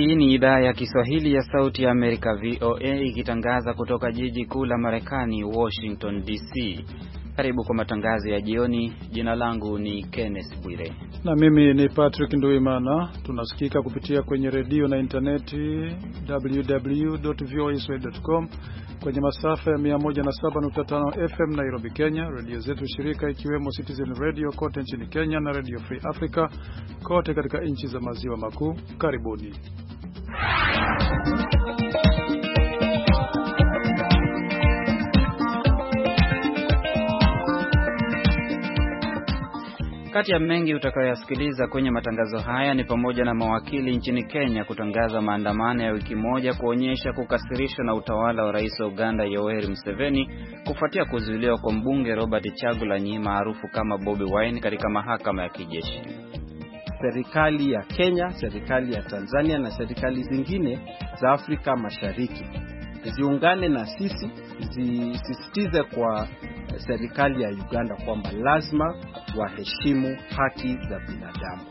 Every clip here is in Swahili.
Hii ni idhaa ya Kiswahili ya Sauti ya Amerika, VOA, ikitangaza kutoka jiji kuu la Marekani, Washington DC. Karibu kwa matangazo ya jioni. Jina langu ni Kenneth Bwire na mimi ni Patrick Nduimana. Tunasikika kupitia kwenye redio na intaneti www.voaswahili.com, kwenye masafa ya 107.5 FM Nairobi, Kenya, redio zetu shirika ikiwemo Citizen Radio kote nchini Kenya na Radio Free Africa kote katika nchi za maziwa makuu. Karibuni. Kati ya mengi utakayoyasikiliza kwenye matangazo haya ni pamoja na mawakili nchini Kenya kutangaza maandamano ya wiki moja kuonyesha kukasirishwa na utawala wa rais wa Uganda Yoweri Museveni kufuatia kuzuiliwa kwa mbunge Robert Chagulanyi maarufu kama Bobi Wine katika mahakama ya kijeshi. Serikali ya Kenya, serikali ya Tanzania na serikali zingine za Afrika Mashariki ziungane na sisi, zisisitize kwa serikali ya Uganda kwamba lazima waheshimu haki za binadamu.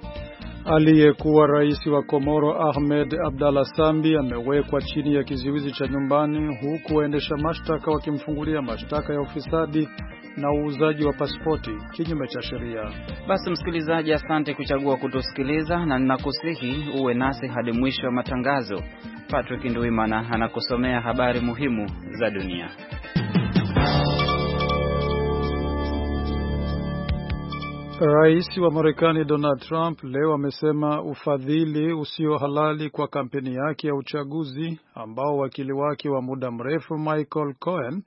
Aliyekuwa rais wa Komoro Ahmed Abdalla Sambi amewekwa chini ya kizuizi cha nyumbani huku waendesha mashtaka wakimfungulia mashtaka ya ufisadi na uuzaji wa pasipoti kinyume cha sheria. Basi msikilizaji, asante kuchagua kutusikiliza, na ninakusihi uwe nasi hadi mwisho wa matangazo. Patrick Ndwimana anakusomea habari muhimu za dunia. Rais wa Marekani Donald Trump leo amesema ufadhili usio halali kwa kampeni yake ya uchaguzi ambao wakili wake wa muda mrefu Michael Cohen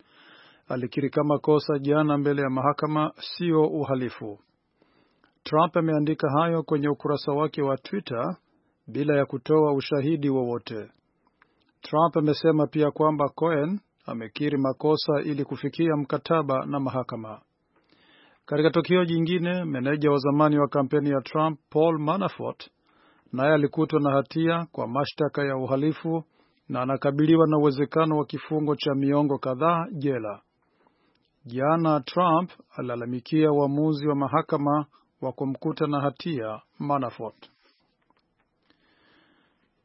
alikiri kama kosa jana mbele ya mahakama sio uhalifu. Trump ameandika hayo kwenye ukurasa wake wa Twitter bila ya kutoa ushahidi wowote. Trump amesema pia kwamba Cohen amekiri makosa ili kufikia mkataba na mahakama. Katika tukio jingine, meneja wa zamani wa kampeni ya Trump Paul Manafort naye alikutwa na hatia kwa mashtaka ya uhalifu na anakabiliwa na uwezekano wa kifungo cha miongo kadhaa jela. Jana Trump alilalamikia uamuzi wa mahakama wa kumkuta na hatia Manafort.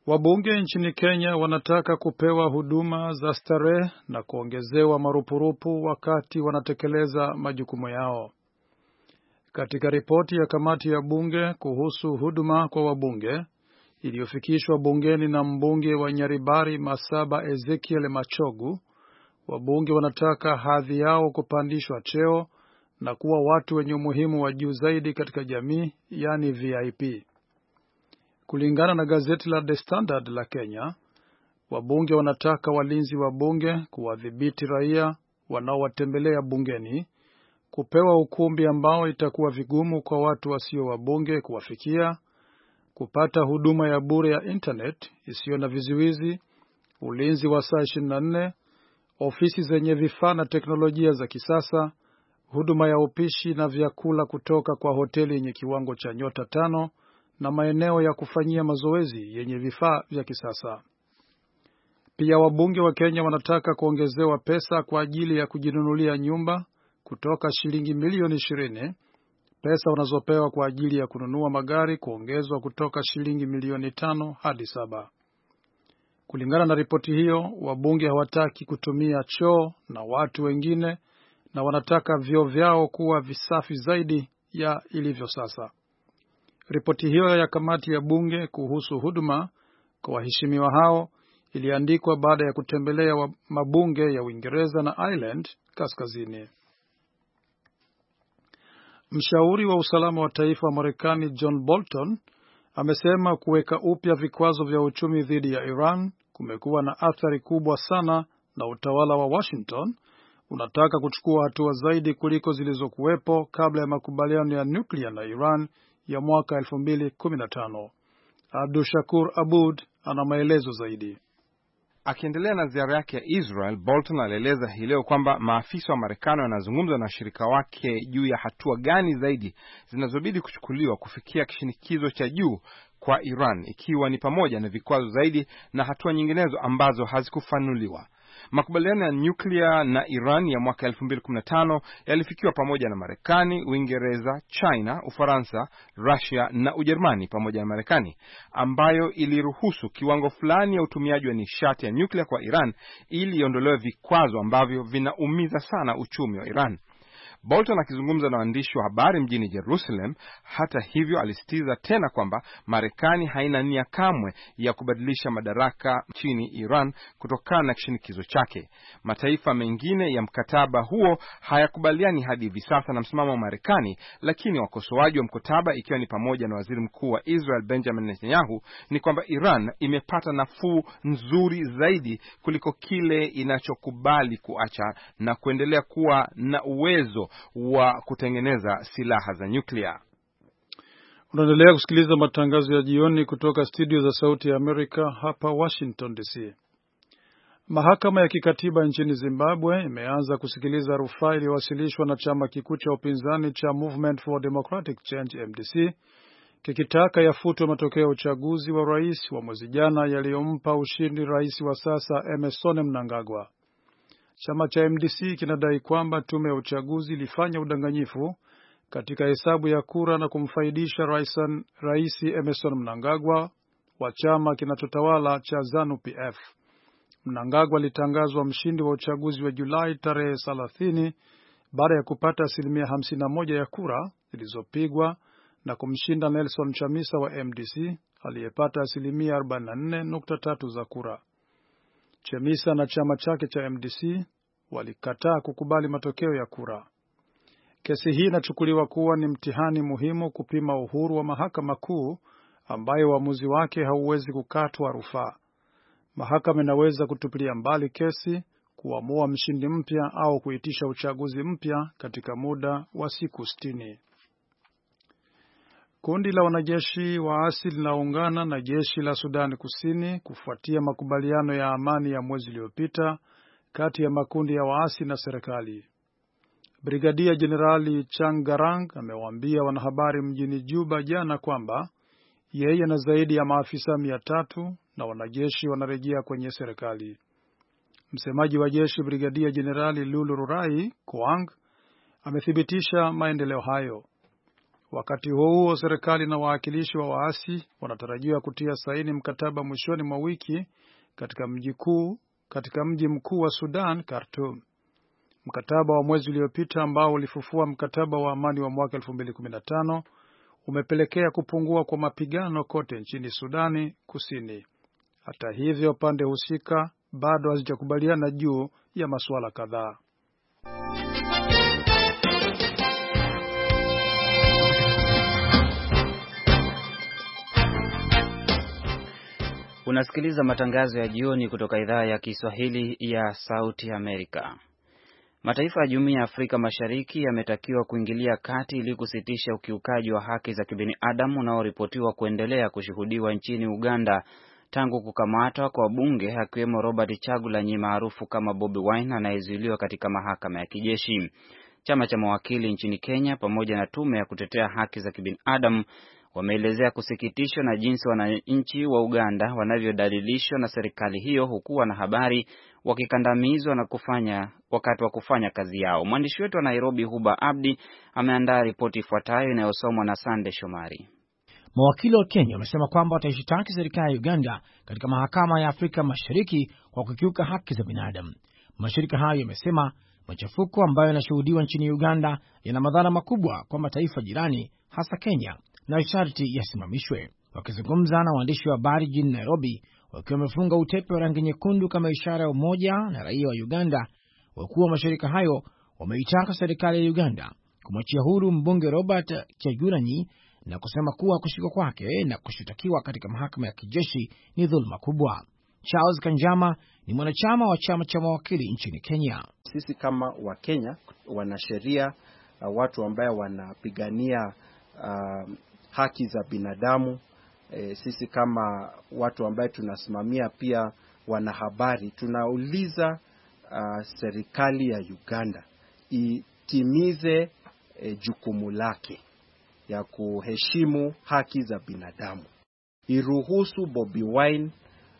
Wabunge nchini Kenya wanataka kupewa huduma za starehe na kuongezewa marupurupu wakati wanatekeleza majukumu yao katika ripoti ya kamati ya bunge kuhusu huduma kwa wabunge iliyofikishwa bungeni na mbunge wa Nyaribari Masaba Ezekiel Machogu, wabunge wanataka hadhi yao kupandishwa cheo na kuwa watu wenye umuhimu wa juu zaidi katika jamii, yaani VIP. Kulingana na gazeti la The Standard la Kenya, wabunge wanataka walinzi wa bunge kuwadhibiti raia wanaowatembelea bungeni kupewa ukumbi ambao itakuwa vigumu kwa watu wasio wabunge kuwafikia, kupata huduma ya bure ya internet isiyo na vizuizi, ulinzi wa saa 24, ofisi zenye vifaa na teknolojia za kisasa, huduma ya upishi na vyakula kutoka kwa hoteli yenye kiwango cha nyota tano na maeneo ya kufanyia mazoezi yenye vifaa vya kisasa. Pia wabunge wa Kenya wanataka kuongezewa pesa kwa ajili ya kujinunulia nyumba kutoka shilingi milioni ishirini. Pesa unazopewa kwa ajili ya kununua magari kuongezwa kutoka shilingi milioni tano hadi saba. Kulingana na ripoti hiyo, wabunge hawataki kutumia choo na watu wengine na wanataka vyoo vyao kuwa visafi zaidi ya ilivyo sasa. Ripoti hiyo ya kamati ya bunge kuhusu huduma kwa waheshimiwa hao iliandikwa baada ya kutembelea mabunge ya Uingereza na Ireland Kaskazini. Mshauri wa usalama wa taifa wa Marekani John Bolton amesema kuweka upya vikwazo vya uchumi dhidi ya Iran kumekuwa na athari kubwa sana, na utawala wa Washington unataka kuchukua hatua zaidi kuliko zilizokuwepo kabla ya makubaliano ya nyuklia na Iran ya mwaka 2015. Abdu Shakur Abud ana maelezo zaidi. Akiendelea na ziara yake ya Israel, Bolton alieleza hii leo kwamba maafisa wa Marekani wanazungumza na washirika wake juu ya hatua gani zaidi zinazobidi kuchukuliwa kufikia kishinikizo cha juu kwa Iran, ikiwa ni pamoja na vikwazo zaidi na hatua nyinginezo ambazo hazikufanuliwa. Makubaliano ya nyuklia na Iran ya mwaka 2015 yalifikiwa pamoja na Marekani, Uingereza, China, Ufaransa, rasia na Ujerumani pamoja na Marekani, ambayo iliruhusu kiwango fulani ya utumiaji wa nishati ya nyuklia kwa Iran ili iondolewe vikwazo ambavyo vinaumiza sana uchumi wa Iran. Bolton akizungumza na waandishi wa habari mjini Jerusalem, hata hivyo, alisisitiza tena kwamba Marekani haina nia kamwe ya kubadilisha madaraka nchini Iran kutokana na kishinikizo chake. Mataifa mengine ya mkataba huo hayakubaliani hadi hivi sasa na msimamo wa Marekani, lakini wakosoaji wa mkataba, ikiwa ni pamoja na waziri mkuu wa Israel Benjamin Netanyahu, ni kwamba Iran imepata nafuu nzuri zaidi kuliko kile inachokubali kuacha na kuendelea kuwa na uwezo wa kutengeneza silaha za nyuklia. Unaendelea kusikiliza matangazo ya jioni kutoka studio za Sauti ya Amerika hapa Washington DC. Mahakama ya kikatiba nchini Zimbabwe imeanza kusikiliza rufaa iliyowasilishwa na chama kikuu cha upinzani cha Movement for Democratic Change MDC kikitaka yafutwe matokeo ya uchaguzi wa rais wa mwezi jana yaliyompa ushindi rais wa sasa Emmerson Mnangagwa. Chama cha MDC kinadai kwamba tume ya uchaguzi ilifanya udanganyifu katika hesabu ya kura na kumfaidisha Rais Emerson Mnangagwa wa chama kinachotawala cha ZANU-PF. Mnangagwa alitangazwa mshindi wa uchaguzi wa Julai tarehe 30 baada ya kupata asilimia 51 ya kura zilizopigwa na kumshinda Nelson Chamisa wa MDC aliyepata asilimia 44.3 za kura. Chemisa na chama chake cha MDC walikataa kukubali matokeo ya kura. Kesi hii inachukuliwa kuwa ni mtihani muhimu kupima uhuru wa mahakama kuu ambayo uamuzi wake hauwezi kukatwa rufaa. Mahakama inaweza kutupilia mbali kesi, kuamua mshindi mpya au kuitisha uchaguzi mpya katika muda wa siku sitini. Kundi la wanajeshi waasi linaungana na jeshi la Sudani Kusini kufuatia makubaliano ya amani ya mwezi uliopita kati ya makundi ya waasi na serikali. Brigadia Jenerali Changarang amewaambia wanahabari mjini Juba jana kwamba yeye na zaidi ya maafisa mia tatu na wanajeshi wanarejea kwenye serikali. Msemaji wa jeshi Brigadia Jenerali Lulu Rurai kuang amethibitisha maendeleo hayo. Wakati huo huo, serikali na wawakilishi wa waasi wanatarajiwa kutia saini mkataba mwishoni mwa wiki katika mji mkuu katika mji mkuu wa Sudan, Khartoum. Mkataba wa mwezi uliopita ambao ulifufua mkataba wa amani wa mwaka 2015 umepelekea kupungua kwa mapigano kote nchini Sudani Kusini. Hata hivyo, pande husika bado hazijakubaliana juu ya masuala kadhaa. Unasikiliza matangazo ya jioni kutoka idhaa ya Kiswahili ya Sauti Amerika. Mataifa ya Jumuiya ya Afrika Mashariki yametakiwa kuingilia kati ili kusitisha ukiukaji wa haki za kibinadamu unaoripotiwa kuendelea kushuhudiwa nchini Uganda tangu kukamatwa kwa bunge akiwemo Robert Chagulanyi maarufu kama Bobi Wine anayezuiliwa katika mahakama ya kijeshi. Chama cha mawakili nchini Kenya pamoja na tume ya kutetea haki za kibinadamu wameelezea kusikitishwa na jinsi wananchi wa Uganda wanavyodalilishwa na serikali hiyo, huku wanahabari wakikandamizwa na kufanya wakati wa kufanya kazi yao. Mwandishi wetu wa Nairobi Huba Abdi ameandaa ripoti ifuatayo inayosomwa na Sande Shomari. Mawakili wa Kenya wamesema kwamba wataishitaki serikali ya Uganda katika mahakama ya Afrika Mashariki kwa kukiuka haki za binadamu. Mashirika hayo yamesema machafuko ambayo yanashuhudiwa nchini Uganda yana madhara makubwa kwa mataifa jirani, hasa Kenya, na sharti yasimamishwe. Wakizungumza na waandishi wa habari jijini Nairobi, wakiwa wamefunga utepe wa rangi nyekundu kama ishara ya umoja na raia wa Uganda, wakuu wa mashirika hayo wameitaka serikali ya Uganda kumwachia huru mbunge Robert Kyagulanyi na kusema kuwa kushikwa kwake na kushitakiwa katika mahakama ya kijeshi ni dhuluma kubwa. Charles Kanjama ni mwanachama wa chama cha mawakili nchini Kenya. Sisi kama Wakenya, wanasheria, uh, watu ambayo wanapigania uh, haki za binadamu. E, sisi kama watu ambaye tunasimamia pia wanahabari tunauliza uh, serikali ya Uganda itimize e, jukumu lake ya kuheshimu haki za binadamu, iruhusu Bobi Wine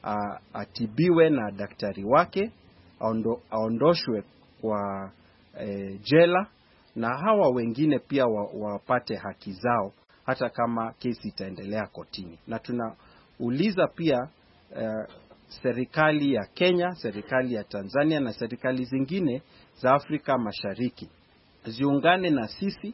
uh, atibiwe na daktari wake, aondo, aondoshwe kwa e, jela na hawa wengine pia wapate haki zao hata kama kesi itaendelea kotini. Na tunauliza pia uh, serikali ya Kenya, serikali ya Tanzania na serikali zingine za Afrika Mashariki ziungane na sisi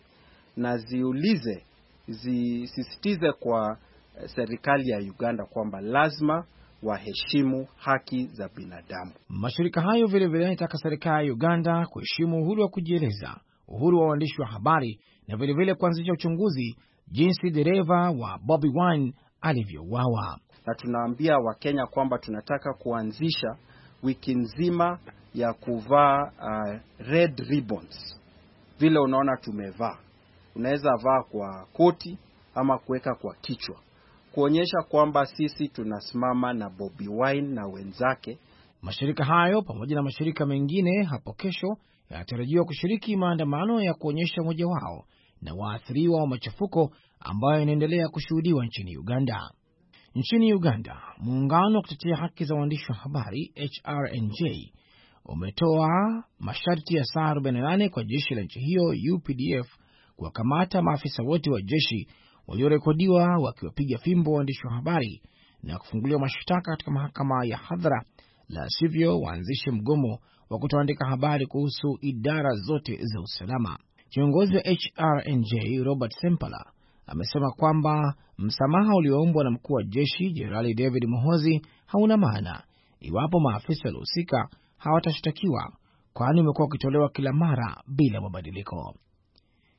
na ziulize, zisisitize kwa eh, serikali ya Uganda kwamba lazima waheshimu haki za binadamu. Mashirika hayo vilevile yanataka serikali ya Uganda kuheshimu uhuru wa kujieleza, uhuru wa uandishi wa habari na vilevile kuanzisha uchunguzi jinsi dereva wa Bobi Wine alivyouawa. Na tunaambia Wakenya kwamba tunataka kuanzisha wiki nzima ya kuvaa uh, red ribbons vile unaona tumevaa. Unaweza vaa kwa koti ama kuweka kwa kichwa, kuonyesha kwamba sisi tunasimama na Bobi Wine na wenzake. Mashirika hayo pamoja na mashirika mengine hapo kesho yanatarajiwa kushiriki maandamano ya kuonyesha umoja wao na waathiriwa wa machafuko ambayo inaendelea kushuhudiwa nchini Uganda. Nchini Uganda, muungano wa kutetea haki za waandishi wa habari HRNJ umetoa masharti ya saa 48 kwa jeshi la nchi hiyo UPDF kuwakamata maafisa wote wa jeshi waliorekodiwa wakiwapiga fimbo waandishi wa habari na kufunguliwa mashtaka katika mahakama ya hadhara, la sivyo waanzishe mgomo wa kutoandika habari kuhusu idara zote za usalama. Kiongozi wa HRNJ Robert Sempala amesema kwamba msamaha ulioombwa na mkuu wa jeshi Jenerali David Mohozi hauna maana iwapo maafisa waliohusika hawatashtakiwa, kwani umekuwa ukitolewa kila mara bila mabadiliko.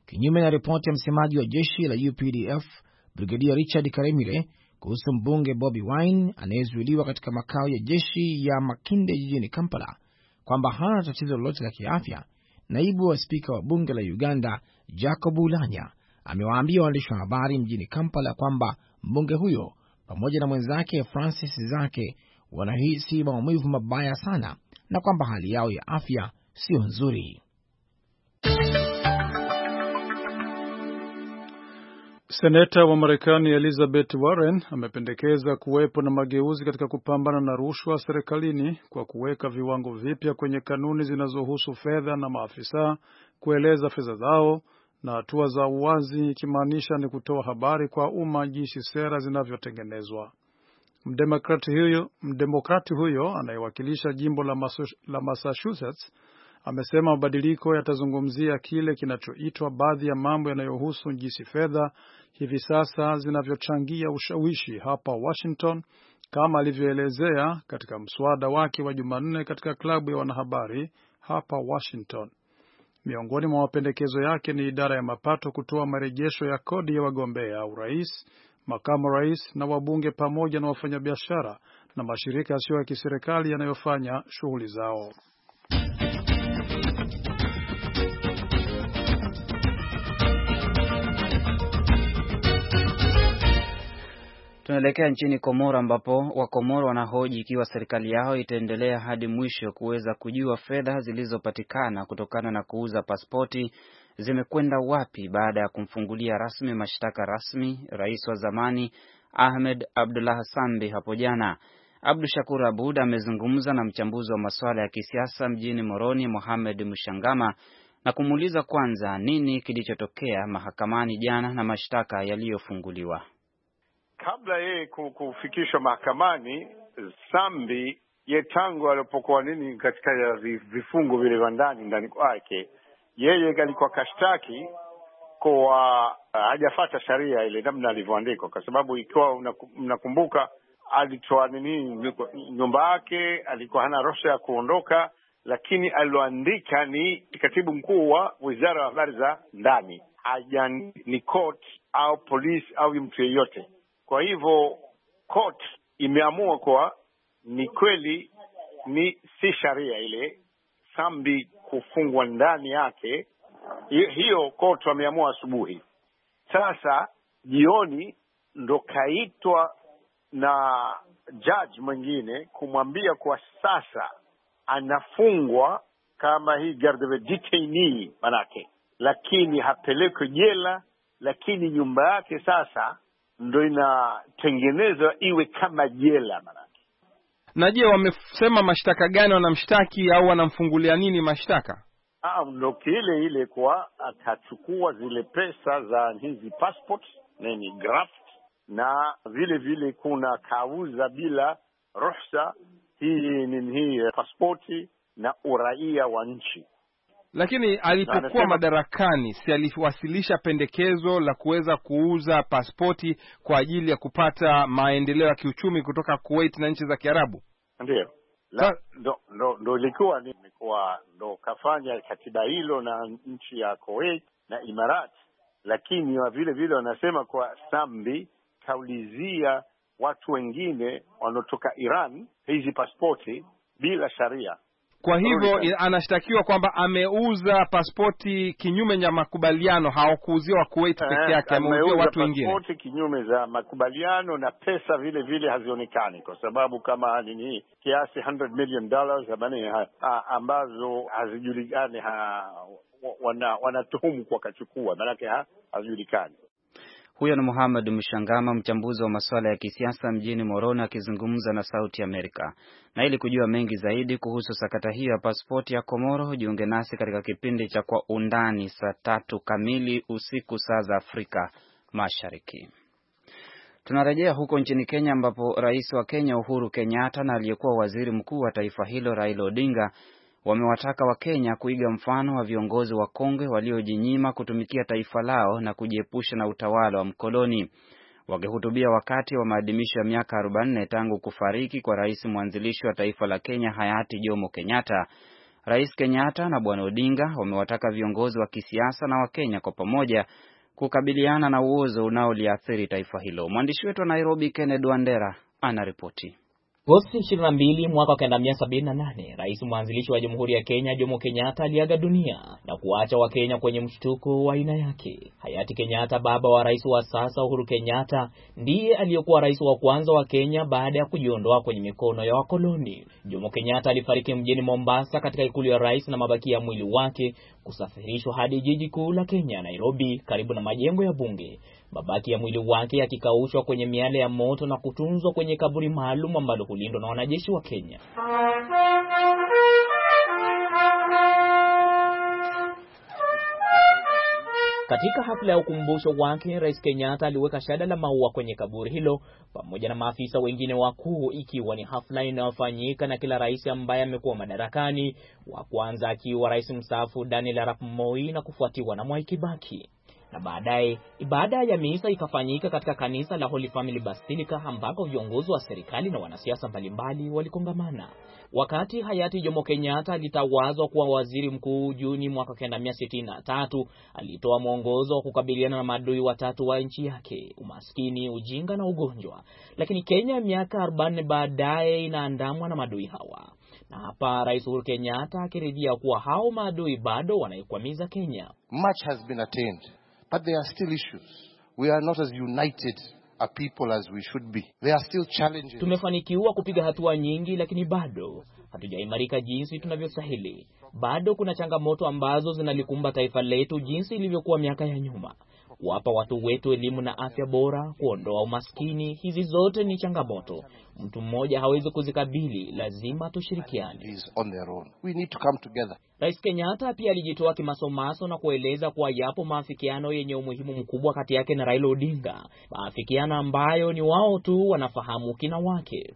Kinyume na ripoti ya msemaji wa jeshi la UPDF Brigedia Richard Karemire kuhusu mbunge Bobi Wine anayezuiliwa katika makao ya jeshi ya Makinde jijini Kampala kwamba hana tatizo lolote la kiafya naibu wa spika wa bunge la Uganda Jacob Ulanya amewaambia waandishi wa habari mjini Kampala kwamba mbunge huyo pamoja na mwenzake Francis Zake wanahisi maumivu mabaya sana na kwamba hali yao ya afya siyo nzuri. Seneta wa Marekani Elizabeth Warren amependekeza kuwepo na mageuzi katika kupambana na rushwa serikalini kwa kuweka viwango vipya kwenye kanuni zinazohusu fedha na maafisa kueleza fedha zao na hatua za uwazi, ikimaanisha ni kutoa habari kwa umma jinsi sera zinavyotengenezwa. Mdemokrati huyo, Mdemokrati huyo anayewakilisha jimbo la Massachusetts amesema mabadiliko yatazungumzia kile kinachoitwa baadhi ya mambo yanayohusu jinsi fedha hivi sasa zinavyochangia ushawishi hapa Washington, kama alivyoelezea katika mswada wake wa Jumanne katika klabu ya wanahabari hapa Washington. Miongoni mwa mapendekezo yake ni idara ya mapato kutoa marejesho ya kodi ya wagombea urais, makamu rais na wabunge, pamoja na wafanyabiashara na mashirika yasiyo ya kiserikali yanayofanya shughuli zao. Tunaelekea nchini Komoro ambapo Wakomoro wanahoji ikiwa serikali yao itaendelea hadi mwisho kuweza kujua fedha zilizopatikana kutokana na kuuza pasipoti zimekwenda wapi baada ya kumfungulia rasmi mashtaka rasmi rais wa zamani Ahmed Abdullah Sambi hapo jana. Abdu Shakur Abud amezungumza na mchambuzi wa masuala ya kisiasa mjini Moroni, Mohamed Mshangama, na kumuuliza kwanza nini kilichotokea mahakamani jana na mashtaka yaliyofunguliwa kabla yeye kufikishwa mahakamani, Sambi ye tangu alipokuwa nini katika vifungo vile vya ndani ndani kwake, yeye alikuwa kashtaki kwa uh, hajafata sharia ile namna alivyoandikwa, kwa sababu ikiwa mnakumbuka, alitoa nini nyumba yake, alikuwa hana ruhusa ya kuondoka, lakini aliloandika ni katibu mkuu wa wizara ya habari za ndani, haja ni court au polisi au mtu yeyote kwa hivyo court imeamua kuwa ni kweli ni si sharia ile sambi kufungwa ndani yake. Hiyo court wameamua asubuhi. Sasa jioni ndo kaitwa na judge mwingine kumwambia kuwa sasa anafungwa kama hii garde detainee manake, lakini hapelekwe jela, lakini nyumba yake sasa ndo inatengenezwa iwe kama jela manake. Na je, wamesema mashtaka gani wanamshtaki au wanamfungulia nini mashtaka? Ah, ndo kile ile kwa akachukua zile pesa za hizi passport nini graft, na vile vile kuna kauza bila ruhusa hii nini hii paspoti na uraia wa nchi lakini alipokuwa madarakani, si aliwasilisha pendekezo la kuweza kuuza paspoti kwa ajili ya kupata maendeleo ya kiuchumi kutoka Kuwait na nchi za Kiarabu? Ndio ndo ilikuwa ni kwa ndo kafanya katiba hilo na nchi ya Kuwait na Imarati, lakini vile vile wanasema kwa sambi kaulizia watu wengine wanaotoka Iran hizi paspoti bila sharia kwa hivyo anashtakiwa kwamba ameuza paspoti kinyume cha makubaliano. Hawakuuzia wa Kuwait eh, peke yake, ameuzia watu wengine paspoti kinyume za makubaliano, na pesa vile vile hazionekani kwa sababu kama nini, kiasi 100 million dollars ambazo hazijulikani wanatuhumu wana kwa kachukua, maanake hazijulikani. Huyo ni muhamed Mshangama, mchambuzi wa masuala ya kisiasa mjini Moroni, akizungumza na Sauti Amerika. Na ili kujua mengi zaidi kuhusu sakata hiyo ya paspoti ya Komoro, jiunge nasi katika kipindi cha Kwa Undani saa tatu kamili usiku saa za Afrika Mashariki. Tunarejea huko nchini Kenya ambapo rais wa Kenya Uhuru Kenyatta na aliyekuwa waziri mkuu wa taifa hilo Raila Odinga wamewataka Wakenya kuiga mfano wa viongozi wakongwe waliojinyima kutumikia taifa lao na kujiepusha na utawala wa mkoloni. Wakihutubia wakati wa maadhimisho ya miaka 40 tangu kufariki kwa rais mwanzilishi wa taifa la Kenya hayati Jomo Kenyatta, Rais Kenyatta na Bwana Odinga wamewataka viongozi wa kisiasa na Wakenya kwa pamoja kukabiliana na uozo unaoliathiri taifa hilo. Mwandishi wetu wa Nairobi, Kennedy Wandera, anaripoti. Agosti 22 mwaka 1978, rais mwanzilishi wa Jamhuri ya Kenya Jomo Kenyatta aliaga dunia na kuacha Wakenya kwenye mshtuko wa aina yake. Hayati Kenyatta, baba wa rais wa sasa Uhuru Kenyatta, ndiye aliyekuwa rais wa kwanza wa Kenya baada ya kujiondoa kwenye mikono ya wakoloni. Jomo Kenyatta alifariki mjini Mombasa katika ikulu ya rais na mabaki ya mwili wake kusafirishwa hadi jiji kuu la Kenya Nairobi, karibu na majengo ya bunge mabaki ya mwili wake yakikaushwa kwenye miale ya moto na kutunzwa kwenye kaburi maalum ambalo hulindwa na wanajeshi wa Kenya. Katika hafla ya ukumbusho wake, Rais Kenyatta aliweka shada la maua kwenye kaburi hilo pamoja na maafisa wengine wakuu, ikiwa ni hafla inayofanyika na kila rais ambaye amekuwa madarakani, wa kwanza akiwa rais mstaafu Daniel Arap Moi na kufuatiwa na Mwai Kibaki na baadaye ibada ya misa ikafanyika katika kanisa la Holy Family Basilica ambako viongozi wa serikali na wanasiasa mbalimbali walikongamana. Wakati hayati Jomo Kenyatta alitawazwa kuwa waziri mkuu Juni mwaka 1963, alitoa mwongozo wa kukabiliana na maadui watatu wa nchi yake: umaskini, ujinga na ugonjwa. Lakini Kenya miaka 40 baadaye inaandamwa na maadui hawa, na hapa Rais Uhuru Kenyatta akiridhia kuwa hao maadui bado wanaikwamiza Kenya. Much has been attained. But there are still issues. We are not as united a people as we should be. There are still challenges. Tumefanikiwa kupiga hatua nyingi, lakini bado hatujaimarika jinsi tunavyostahili. Bado kuna changamoto ambazo zinalikumba taifa letu jinsi ilivyokuwa miaka ya nyuma. Kuwapa watu wetu elimu na afya bora, kuondoa umaskini, hizi zote ni changamoto. Mtu mmoja hawezi kuzikabili, lazima tushirikiane. Rais Kenyatta pia alijitoa kimasomaso na kueleza kuwa yapo maafikiano yenye umuhimu mkubwa kati yake na Raila Odinga, maafikiano ambayo ni wao tu wanafahamu kina wake.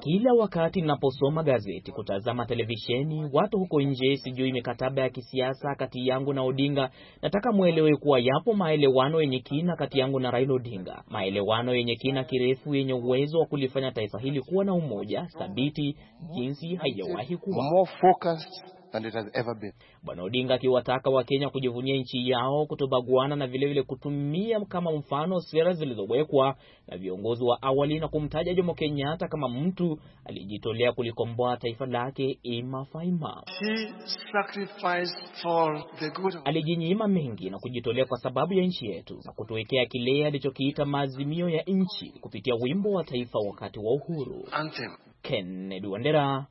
Kila wakati ninaposoma gazeti, kutazama televisheni, watu huko nje, sijui mikataba ya kisiasa kati yangu na Odinga, nataka mwe mwelewe kuwa yapo maelewano yenye kina kati yangu na Raila Odinga, maelewano yenye kina kirefu yenye uwezo wa kulifanya taifa hili kuwa na umoja thabiti jinsi haijawahi kuwa. More focused than it has ever been. Bwana Odinga akiwataka Wakenya kujivunia nchi yao, kutobaguana na vilevile vile kutumia kama mfano sera zilizowekwa na viongozi wa awali na kumtaja Jomo Kenyatta kama mtu aliyejitolea kulikomboa taifa lake ima faima. He sacrificed for the good. Alijinyima mengi na kujitolea kwa sababu ya nchi yetu na kutuwekea kile alichokiita maazimio ya nchi kupitia wimbo wa taifa wakati wa uhuru. Anthem. Kennedy Wandera,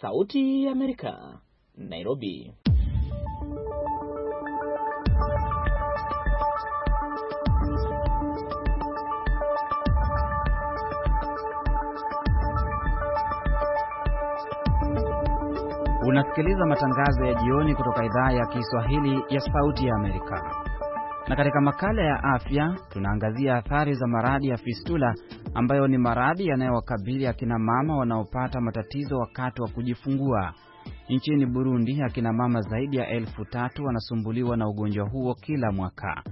Sauti ya Amerika. Nairobi. Unasikiliza matangazo ya jioni kutoka idhaa ya Kiswahili ya Sauti ya Amerika. Na katika makala ya afya tunaangazia athari za maradhi ya fistula ambayo ni maradhi yanayowakabili akina mama wanaopata matatizo wakati wa kujifungua. Nchini Burundi, akina mama zaidi ya elfu tatu wanasumbuliwa na ugonjwa huo kila mwaka.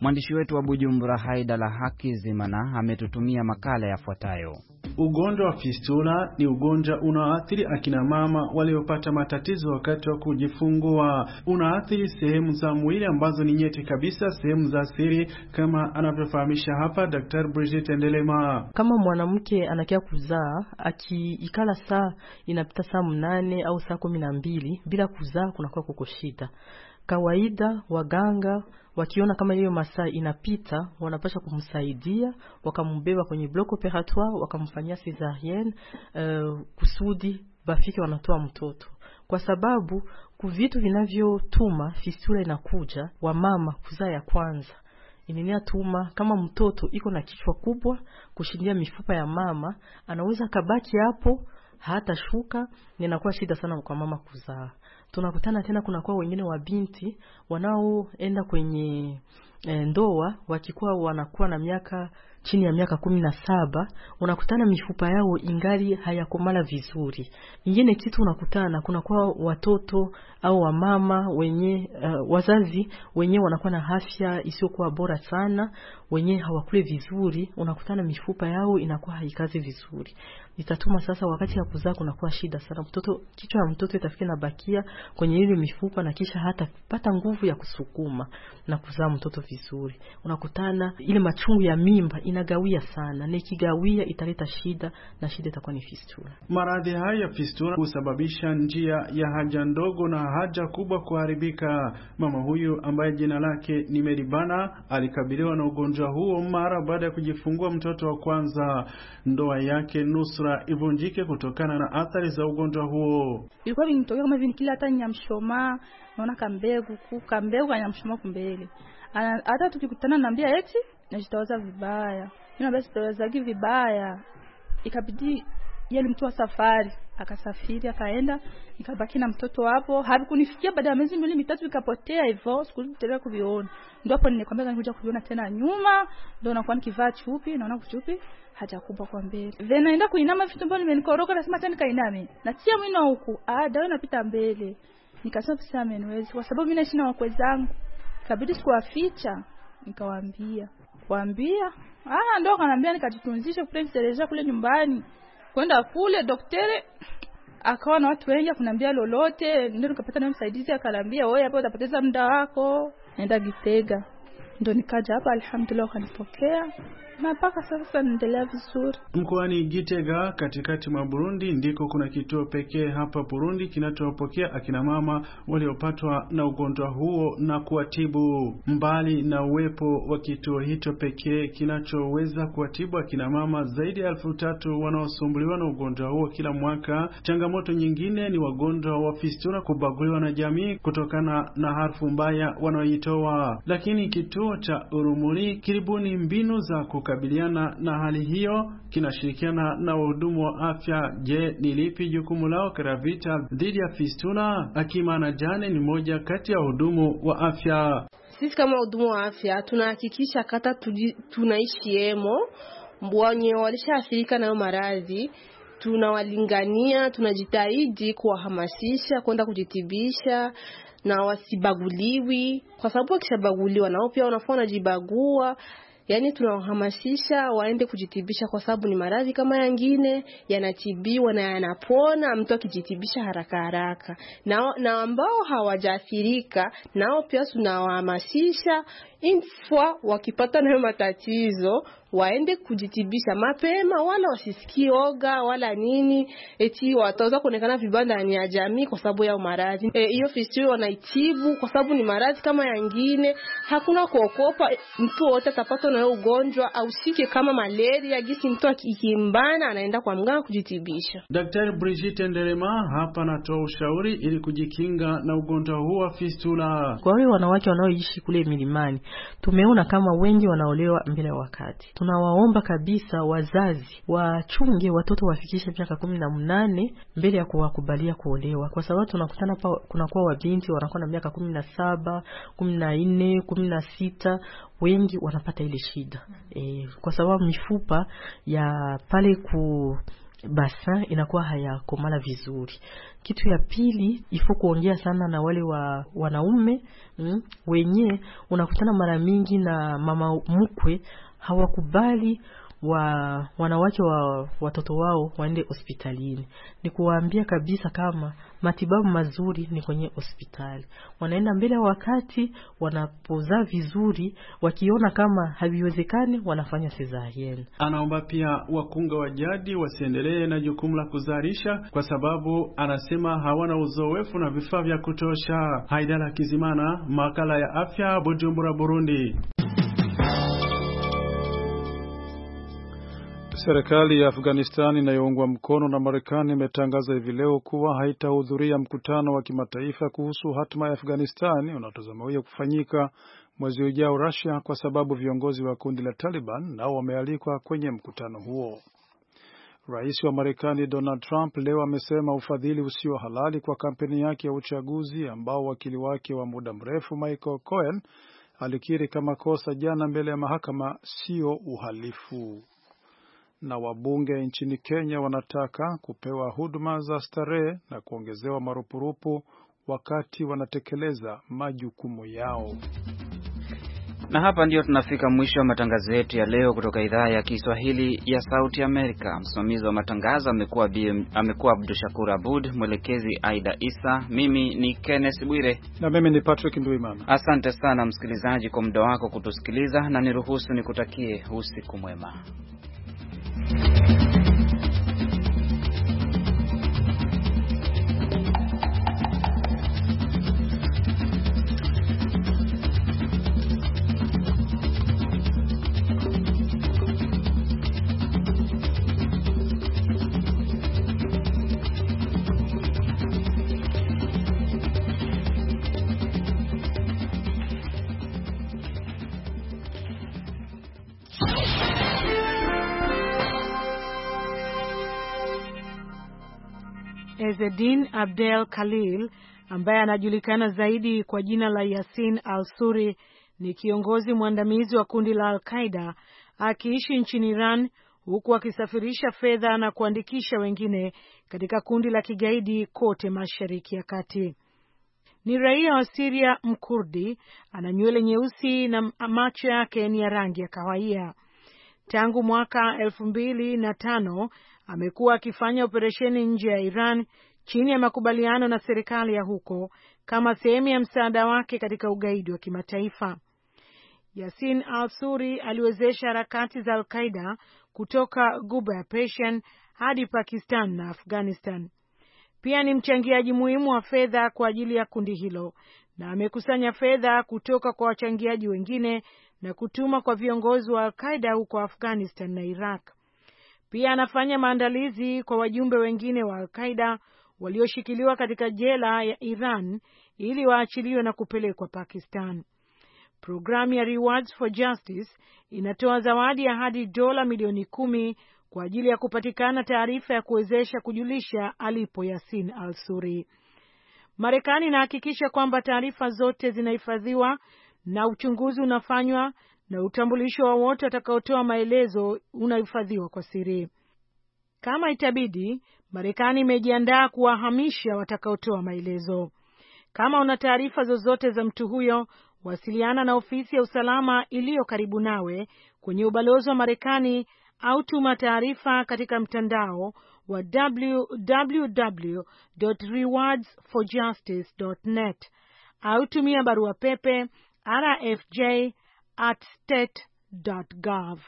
Mwandishi wetu wa Bujumbura, Haida la Haki Zimana, ametutumia makala yafuatayo. Ugonjwa wa fistula ni ugonjwa unaoathiri akina mama waliopata matatizo wakati wa kujifungua. Unaathiri sehemu za mwili ambazo ni nyeti kabisa, sehemu za siri, kama anavyofahamisha hapa Daktari Brigitte Ndelema. Kama mwanamke anakia kuzaa akiikala saa inapita saa mnane au saa kumi na mbili bila kuzaa, kunakuwa kuko shida kawaida waganga Wakiona kama hiyo masaa inapita, wanapasha kumsaidia, wakambeba kwenye bloc operatoire, wakamfanyia cesarienne uh, kusudi bafike wanatoa mtoto kwa sababu kuvitu vinavyotuma fistula inakuja wamama kuzaa ya kwanza inenea tuma kama mtoto iko na kichwa kubwa kushindia mifupa ya mama, anaweza kabaki hapo hata shuka, ninakuwa shida sana kwa mama kuzaa tunakutana tena, kunakuwa wengine wabinti wanaoenda kwenye e, ndoa wakikuwa wanakuwa na miaka chini ya miaka kumi na saba, unakutana mifupa yao ingali hayakomala vizuri. Ingine kitu unakutana kunakuwa watoto au wamama wenye uh, wazazi wenye wanakuwa na afya isiyokuwa bora sana, wenye hawakule vizuri, unakutana mifupa yao inakuwa haikazi vizuri itatuma sasa wakati ya kuzaa kunakuwa shida sana. Mtoto kichwa ya mtoto itafika na bakia kwenye ile mifupa, na kisha hata pata nguvu ya kusukuma na kuzaa mtoto vizuri. Unakutana ile machungu ya mimba inagawia sana, na ikigawia italeta shida, na shida itakuwa ni fistula. Maradhi haya ya fistula husababisha njia ya haja ndogo na haja kubwa kuharibika. Mama huyu ambaye jina lake ni Meribana alikabiliwa na ugonjwa huo mara baada ya kujifungua mtoto wa kwanza. Ndoa yake nusu sura ivunjike kutokana na athari za ugonjwa huo. Ilikuwa vinitokea kama hivi nikila hata nyamshoma, naona kambegu kukambegu nyamshoma kumbele, hata tukikutana naambia eti najitawaza vibaya, mimi naambia sitawazagi vibaya, ikabidi yeye alimtoa safari akasafiri akaenda, nikabaki na mtoto hapo. Havikunifikia baada ya miezi miwili mitatu, ikapotea hivyo, sikurudi kuviona. Ndio hapo nilikwambia nikuja kuviona tena nyuma, ndio nakuwa nikivaa chupi, naona kuchupi haja kubwa kwa mbele, then naenda kuinama, vitu ambavyo nimenikoroka, nasema tena nikainame, natia mwino huku, ah, dawa inapita mbele. Nikasema sasa ameniwezi, kwa sababu mimi naishi na wakwe zangu, kabidi sikuwaficha, nikawaambia kuambia, ah, ndio kanaambia, nikajitunzishe kule, niserejea kule nyumbani kwenda kule daktari akawa na watu wengi akunambia lolote, ndio nikapata na msaidizi akanambia, wewe hapa utapoteza muda wako, nenda Gitega. Ndio nikaja hapa, alhamdulillah, wakanipokea na mpaka sasa naendelea vizuri. Mkoani Gitega katikati mwa Burundi ndiko kuna kituo pekee hapa Burundi kinachopokea akina mama waliopatwa na ugonjwa huo na kuwatibu. Mbali na uwepo wa kituo hicho pekee kinachoweza kuwatibu akina mama zaidi ya elfu tatu wanaosumbuliwa na ugonjwa huo kila mwaka, changamoto nyingine ni wagonjwa wa fistula kubaguliwa na jamii kutokana na harufu mbaya wanaoitoa. Lakini kituo cha Urumuri kilibuni mbinu za kukabiliana na hali hiyo kinashirikiana na wahudumu wa afya. Je, ni lipi jukumu lao katika vita dhidi ya fistula? Akimana Jane ni moja kati ya wahudumu wa afya. Sisi kama wahudumu wa afya tunahakikisha kata tunaishi emo wenye walishaathirika nayo maradhi tunawalingania, tunajitahidi kuwahamasisha kwenda kujitibisha na wasibaguliwi, kwa sababu wakishabaguliwa nao pia wanafua wanajibagua, yaani tunawahamasisha waende kujitibisha, kwa sababu ni maradhi kama yangine yanatibiwa na yanapona, mtu akijitibisha haraka haraka. Na, na ambao hawajaathirika nao pia tunawahamasisha infwa wakipata nayo matatizo waende kujitibisha mapema, wala wasisikie oga wala nini, eti wataweza kuonekana vibanda ni ya jamii kwa sababu ya maradhi eh, hiyo. E, fistuli wanaitibu kwa sababu ni maradhi kama yangine, hakuna kuokopa. Mtu wote atapata nayo ugonjwa aushike kama malaria, gisi mtu akikimbana anaenda kwa mganga kujitibisha. Daktari Brigitte Nderema hapa anatoa ushauri ili kujikinga na ugonjwa huu wa fistula kwa hiyo wanawake wanaoishi kule milimani. Tumeona kama wengi wanaolewa mbele ya wakati Tunawaomba kabisa wazazi wachunge watoto wafikishe miaka kumi na mnane mbele ya kuwakubalia kuolewa, kwa sababu tunakutana pa kunakuwa wabinti wanakuwa na miaka kumi na saba kumi na nne kumi na sita wengi wanapata ile shida e, kwa sababu mifupa ya pale ku basa inakuwa hayakomala vizuri. Kitu ya pili ifo kuongea sana na wale wa wanaume mm, wenye unakutana mara mingi na mama mkwe hawakubali wa wanawake wa watoto wao waende hospitalini. Ni kuwaambia kabisa kama matibabu mazuri ni kwenye hospitali. Wanaenda mbele ya wakati, wanapozaa vizuri, wakiona kama haviwezekani wanafanya sezarieni. Anaomba pia wakunga wa jadi wasiendelee na jukumu la kuzalisha, kwa sababu anasema hawana uzoefu na vifaa vya kutosha. Haidara Kizimana, makala ya afya, Bujumbura, Burundi. Serikali ya Afghanistan inayoungwa mkono na Marekani imetangaza hivi leo kuwa haitahudhuria mkutano wa kimataifa kuhusu hatima ya Afghanistan unaotazamiwa kufanyika mwezi ujao Russia, kwa sababu viongozi wa kundi la Taliban nao wamealikwa kwenye mkutano huo. Rais wa Marekani Donald Trump leo amesema ufadhili usio halali kwa kampeni yake ya uchaguzi ambao wakili wake wa muda mrefu Michael Cohen alikiri kama kosa jana mbele ya mahakama sio uhalifu na wabunge nchini Kenya wanataka kupewa huduma za starehe na kuongezewa marupurupu wakati wanatekeleza majukumu yao. Na hapa ndiyo tunafika mwisho wa matangazo yetu ya leo kutoka idhaa ya Kiswahili ya Sauti Amerika. Msimamizi wa matangazo amekuwa amekuwa Abdu Shakur Abud, mwelekezi Aida Isa, mimi ni Kenneth Bwire na mimi ni Patrick Nduimana. Asante sana msikilizaji kwa muda wako kutusikiliza, na niruhusu nikutakie usiku mwema. Bye. Ezzedine Abdel Khalil ambaye anajulikana zaidi kwa jina la Yasin al-Suri ni kiongozi mwandamizi wa kundi la Al-Qaeda akiishi nchini Iran huku akisafirisha fedha na kuandikisha wengine katika kundi la kigaidi kote Mashariki ya Kati. Ni raia wa Syria Mkurdi, ana nywele nyeusi na macho yake ni ya rangi ya kahawia. Tangu mwaka elfu mbili na tano amekuwa akifanya operesheni nje ya Iran chini ya makubaliano na serikali ya huko kama sehemu ya msaada wake katika ugaidi wa kimataifa. Yasin al-Suri aliwezesha harakati za alqaida kutoka Guba ya Persian hadi Pakistan na Afghanistan. Pia ni mchangiaji muhimu wa fedha kwa ajili ya kundi hilo na amekusanya fedha kutoka kwa wachangiaji wengine na kutuma kwa viongozi wa alqaida huko Afghanistan na Iraq. Pia anafanya maandalizi kwa wajumbe wengine wa Al-Qaida walioshikiliwa katika jela ya Iran ili waachiliwe na kupelekwa Pakistan. Programu ya Rewards for Justice inatoa zawadi ya hadi dola milioni kumi kwa ajili ya kupatikana taarifa ya kuwezesha kujulisha alipo Yasin al-Suri. Marekani inahakikisha kwamba taarifa zote zinahifadhiwa na uchunguzi unafanywa na utambulisho wa wote atakaotoa maelezo unahifadhiwa kwa siri. Kama itabidi, Marekani imejiandaa kuwahamisha watakaotoa maelezo. Kama una taarifa zozote za mtu huyo, wasiliana na ofisi ya usalama iliyo karibu nawe kwenye ubalozi wa Marekani au tuma taarifa katika mtandao wa www.rewardsforjustice.net au tumia barua pepe rfj at state.gov.